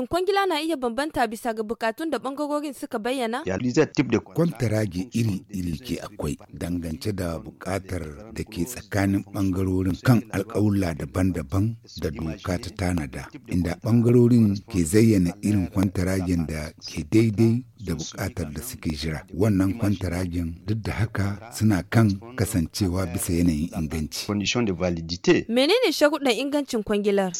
Shin kwangila na iya bambanta bisa ga bukatun da bangarorin suka bayyana? Kwantarage iri-iri ke akwai dangance da bukatar da ke tsakanin bangarorin kan alkawula daban-daban da doka ta tanada, inda bangarorin ke zayyana irin kwantaragen da ke daidai da bukatar da suke jira wannan kwantaragen duk da haka suna kan kasancewa bisa yanayin inganci menene sharuɗan ingancin kwangilar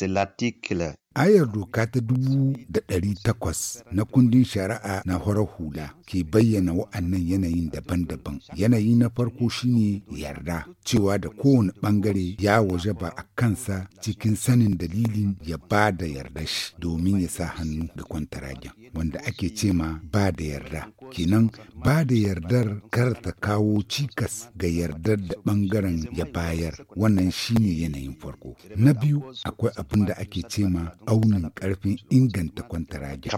Ayar doka ta dubu da ɗari takwas na kundin shari'a na horar hula ke bayyana wa'annan yanayin daban-daban. Yanayi na farko shine yarda cewa da kowane ɓangare ya waje ba a kansa cikin sanin dalilin ya ba da yarda shi domin ya sa hannu da kwantaragen wanda ake cema ba da yarda kinan ba da yardar kar ta kawo cikas ga yardar da bangaren ya bayar wannan shine yanayin farko na biyu akwai abin da ake cema aunin karfin inganta kwantaragen.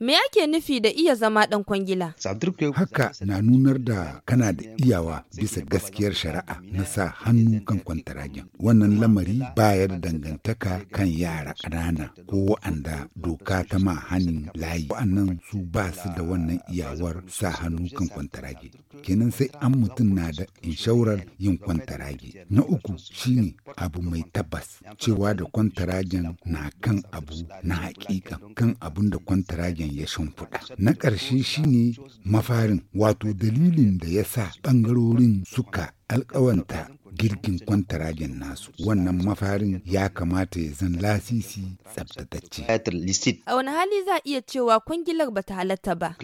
me ake nufi da iya zama dan kwangila haka na nunar da kana da iyawa bisa gaskiyar shari'a na sa hannu kan kwantaragen. wannan lamari bayar dangantaka kan yara ƙanana ko wa'anda doka ta ma hannun layi wa'annan su ba su da wannan iyawar sa hannu kan kwantarage kenan sai an mutum na da inshaurar yin kwantarage na uku shine abu mai tabbas cewa da kwantaragen na kan abu na hakika kan abun da kwantaragen ya shimfiɗa na ƙarshe shine mafarin wato dalilin da ya sa ɓangarorin suka alkawanta girkin kwantaragen nasu wannan mafarin ya kamata ya zan lasisi tsabtatacce. A wani hali za a iya cewa kwangilar bata ta halatta ba.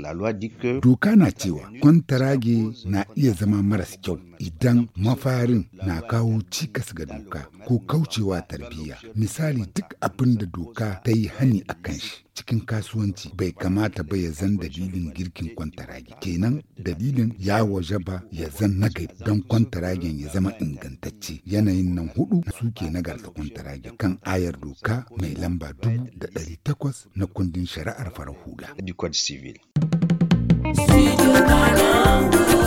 Doka na cewa kwantarage na iya zama maras kyau idan mafarin na kawo cikas ga doka ko kaucewa tarbiyya misali duk abin da doka ta yi hani a kan shi cikin kasuwanci bai kamata ba ya zan dalilin girkin kwantaragi kenan dalilin ya waje ba ya zan nagai don kwantaragen ya zama ingantacce yanayin nan hudu suke nagarta kwantaragi kan ayar doka mai lamba dubu da ɗari takwas na kundin shari'ar farar hula. Sidi Kalangu.